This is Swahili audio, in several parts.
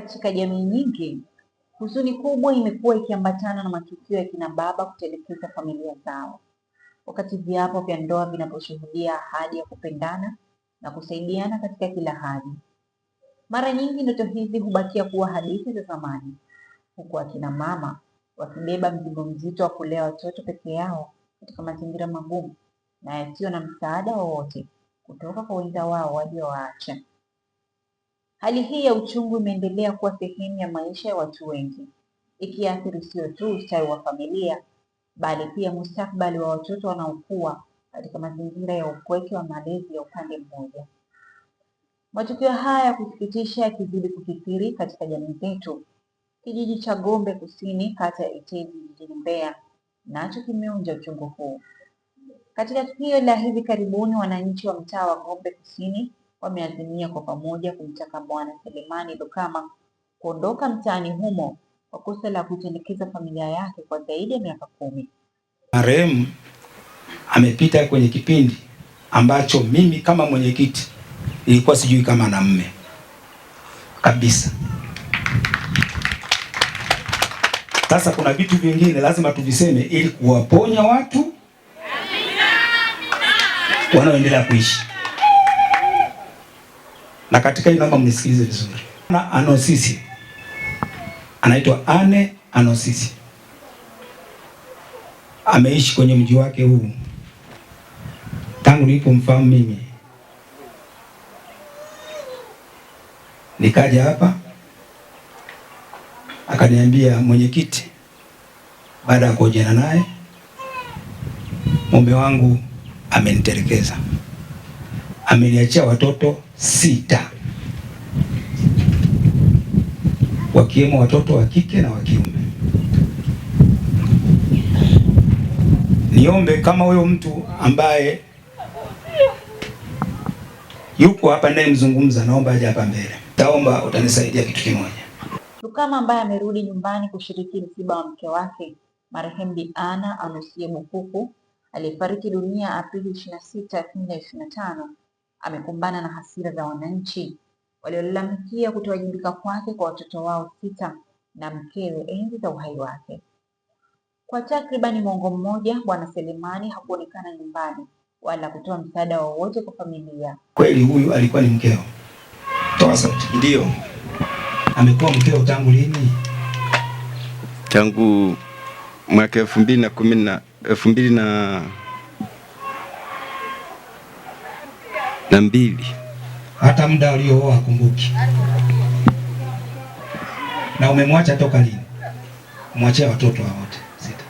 Katika jamii nyingi, huzuni kubwa imekuwa ikiambatana na matukio ya kina baba kutelekeza familia zao. Wakati viapo vya ndoa vinaposhuhudia ahadi ya kupendana na kusaidiana katika kila hali, mara nyingi ndoto hizi hubakia kuwa hadithi za zamani, huku akina mama wakibeba mzigo mzito wa kulea watoto peke yao katika mazingira magumu na yasiyo na msaada wowote kutoka kwa wenza wao waliowaacha. Hali hii ya uchungu imeendelea kuwa sehemu ya maisha ya watu wengi, ikiathiri sio tu ustawi wa familia, bali pia mustakabali wa watoto wanaokua katika mazingira ya upweke wa malezi ya upande mmoja. Matukio haya ya kusikitisha yakizidi kukithiri katika jamii zetu, kijiji cha Gombe Kusini, kata ya Iteje, jijini Mbeya, nacho kimeonja uchungu huu. Katika tukio la hivi karibuni, wananchi wa mtaa wa Gombe Kusini wameazimia kwa pamoja kumtaka Bwana Selemani Lukama kuondoka mtaani humo kwa kosa la kuitelekeza familia yake kwa zaidi ya miaka kumi. Marehemu amepita kwenye kipindi ambacho mimi kama mwenyekiti ilikuwa sijui kama na mme kabisa. Sasa kuna vitu vingine lazima tuviseme ili kuwaponya watu wanaoendelea kuishi na katika hii naomba mnisikilize vizuri. Na Anosisi anaitwa Anne Anosisi ameishi kwenye mji wake huu tangu nilipomfahamu mimi, nikaja hapa akaniambia mwenyekiti, baada ya kuojana naye mume wangu amenitelekeza, ameniachia watoto sita wakiwemo watoto wa kike na wa kiume. Niombe kama huyo mtu ambaye yuko hapa naye mzungumza, naomba aje hapa mbele, taomba utanisaidia kitu kimoja. Lukama ambaye amerudi nyumbani kushiriki msiba wa mke wake marehemu Bi Anna Anusie Bukuku aliyefariki dunia Aprili 26, 2025 amekumbana na hasira za wananchi waliolalamikia kutowajibika kwake kwa watoto wao sita na mkewe enzi za uhai wake. Kwa takribani mwongo mmoja, Bwana Selemani hakuonekana nyumbani wala kutoa msaada wowote kwa familia. Kweli huyu alikuwa ni mkeo? Ndio. Amekuwa mkeo tangu lini? Tangu mwaka elfu mbili na kumi na elfu mbili na na mbili, hata muda alioa hakumbuki. Na umemwacha toka lini? Mwachia watoto hao wote sita.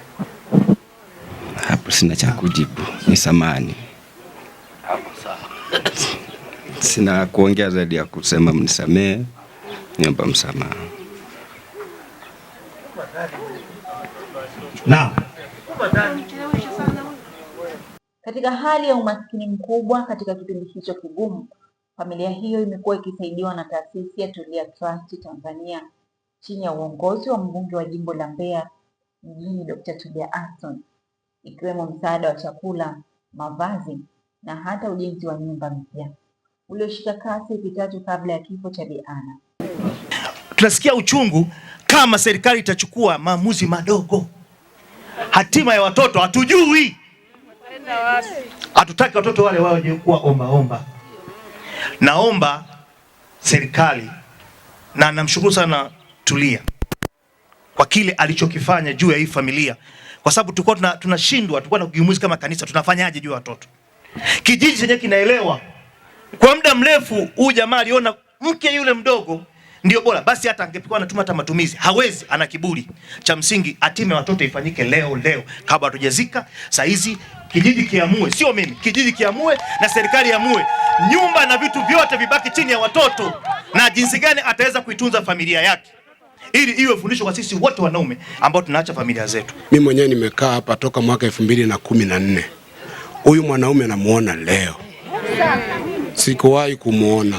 Hapo sina cha kujibu, ni samani, sina kuongea zaidi ya kusema mnisamee, niomba msamaha. Naam. Katika hali ya umaskini mkubwa katika kipindi hicho kigumu, familia hiyo imekuwa ikisaidiwa na taasisi ya Tulia Trust Tanzania chini ya uongozi wa mbunge wa jimbo la Mbeya mjini Dr. Tulia Ackson, ikiwemo msaada wa chakula, mavazi na hata ujenzi wa nyumba mpya ulioshika kasi wiki tatu kabla ya kifo cha Bi Anna. Tunasikia uchungu kama serikali itachukua maamuzi madogo, hatima ya watoto hatujui. Hatutaki watoto wale waje kuwa omba Naomba serikali na namshukuru sana Tulia kwa kile alichokifanya juu ya hii familia, kwa sababu tulikuwa tunashindwa, tulikuwa na kujumuiza kama kanisa, tunafanyaje juu ya watoto. Kijiji chenyewe kinaelewa kwa muda mrefu, huyu jamaa aliona mke yule mdogo ndio bora basi, hata angepikwa anatuma hata matumizi hawezi, ana kiburi. Cha msingi atime watoto ifanyike leo leo, kabla hatujazika saa hizi. Kijiji kiamue, sio mimi, kijiji kiamue na serikali iamue, nyumba na vitu vyote vibaki chini ya watoto, na jinsi gani ataweza kuitunza familia yake, ili iwe fundisho kwa sisi wote wanaume ambao tunaacha familia zetu. Mimi mwenyewe nimekaa hapa toka mwaka elfu mbili na kumi na nne. Huyu mwanaume namuona leo, sikuwahi kumuona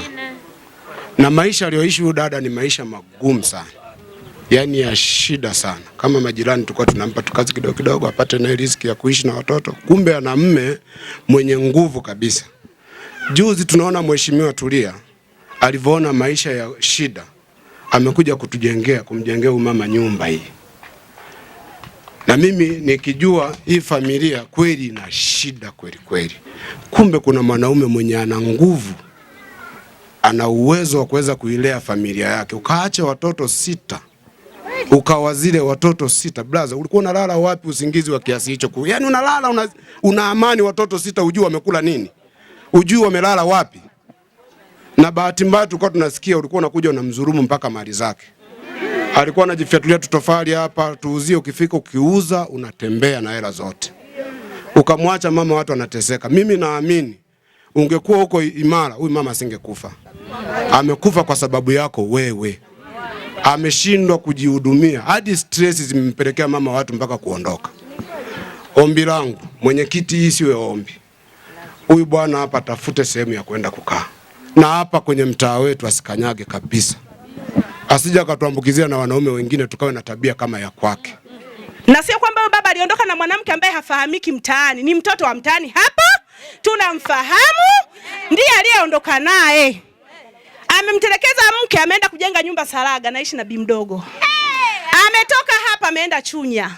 na maisha aliyoishi huyu dada ni maisha magumu sana, yaani ya shida sana. Kama majirani tulikuwa tunampa tukazi kidogo kidogo apate na riziki ya kuishi na watoto, kumbe ana mme mwenye nguvu kabisa. Juzi tunaona mheshimiwa Tulia alivyoona maisha ya shida, amekuja kutujengea kumjengea umama nyumba hii, na mimi nikijua hii familia kweli ina shida kweli kweli, kumbe kuna mwanaume mwenye ana nguvu ana uwezo wa kuweza kuilea familia yake. Ukaache watoto sita ukawazile watoto sita, blaza, ulikuwa unalala wapi usingizi wa kiasi hicho? Yaani unalala una, una amani, watoto sita, ujui wamekula nini, ujui wamelala wapi. Na bahati mbaya tulikuwa tunasikia ulikuwa unakuja mzurumu mpaka mali zake. Alikuwa anajifyatulia tutofali hapa tuuzie, ukifika ukiuza unatembea na hela zote, ukamwacha mama, watu anateseka Mimi naamini ungekuwa huko imara, huyu mama asingekufa. Amekufa kwa sababu yako wewe, ameshindwa kujihudumia, hadi stress zimempelekea mama watu mpaka kuondoka. Ombi langu mwenyekiti, hii siwe ombi, huyu bwana hapa atafute sehemu ya kwenda kukaa, na hapa kwenye mtaa wetu asikanyage kabisa, asija akatuambukizia na wanaume wengine tukawe na tabia kama ya kwake. Na sio kwamba baba aliondoka na mwanamke ambaye hafahamiki mtaani, ni mtoto wa mtaani hapa tunamfahamu, ndiye aliyeondoka naye, amemtelekeza mke, ameenda kujenga nyumba Saraga, naishi na bi mdogo. Ametoka hapa ameenda Chunya,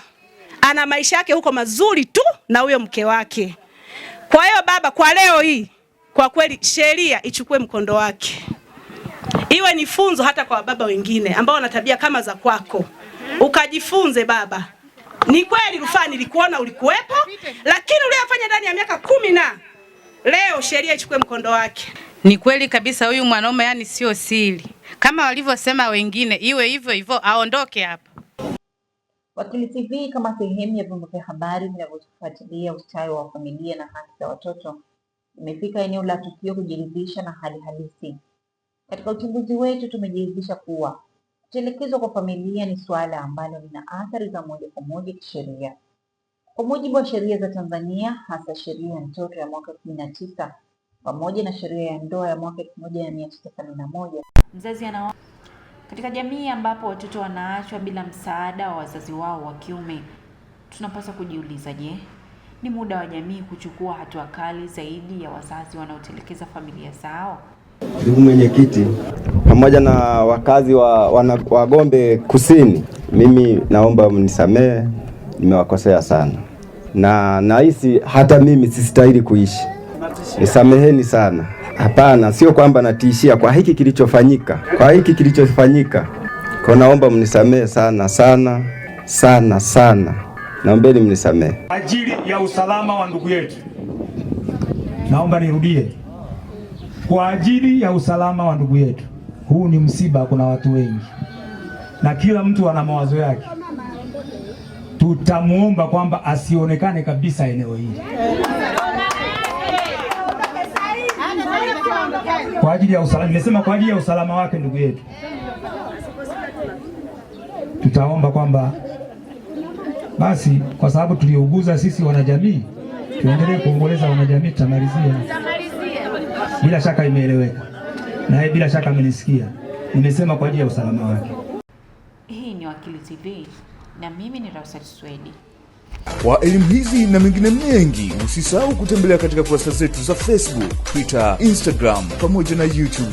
ana maisha yake huko mazuri tu na huyo mke wake. Kwa hiyo baba, kwa leo hii kwa kweli sheria ichukue mkondo wake, iwe ni funzo hata kwa baba wengine ambao wana tabia kama za kwako, ukajifunze baba. Ni kweli rufaa nilikuona ulikuwepo, lakini uliyofanya ndani ya miaka kumi na leo sheria ichukue mkondo wake. Ni kweli kabisa, huyu mwanaume yani sio siri kama walivyosema wengine, iwe hivyo hivyo, aondoke hapa. Wakili TV kama sehemu ya vyombo vya habari vinavyofuatilia ustawi wa familia na haki za watoto imefika eneo la tukio kujiridhisha na hali halisi. Katika uchunguzi wetu tumejiridhisha kuwa Telekezo kwa familia ni suala ambalo lina athari za moja kwa moja kisheria. Kwa mujibu wa sheria za Tanzania, hasa sheria ya mtoto ya mwaka elfu mbili na tisa pamoja na sheria ya ndoa ya mwaka elfu moja mia tisa themanini na moja mzazi ana katika jamii ambapo watoto wanaachwa bila msaada wa wazazi wao wa kiume, tunapaswa kujiuliza, je, ni muda wa jamii kuchukua hatua kali zaidi ya wazazi wanaotelekeza familia zao? Ndugu mwenyekiti pamoja na wakazi wa, wana, Wagombe Kusini, mimi naomba mnisamehe, nimewakosea sana na nahisi hata mimi sistahili kuishi, nisameheni sana. Hapana, sio kwamba natishia, kwa hiki kilichofanyika, kwa hiki kilichofanyika, kwa naomba mnisamehe sana sana sana sana, naombeni mnisamehe ajili ya usalama wa ndugu yetu. Naomba nirudie, kwa ajili ya usalama wa ndugu yetu huu ni msiba, kuna watu wengi na kila mtu ana mawazo yake. Tutamwomba kwamba asionekane kabisa eneo hili kwa ajili ya usalama. Nimesema kwa ajili ya usalama wake ndugu yetu, tutaomba kwamba basi, kwa sababu tuliuguza sisi wanajamii, tuendelee kuomboleza wanajamii. Tutamalizia bila shaka, imeeleweka naye bila shaka amenisikia. Nimesema kwa ajili ya usalama wake. Hii ni Wakili TV na mimi ni Rausat Swedi. Kwa elimu hizi na mengine mengi, usisahau kutembelea katika kurasa zetu za Facebook, Twitter, Instagram pamoja na YouTube.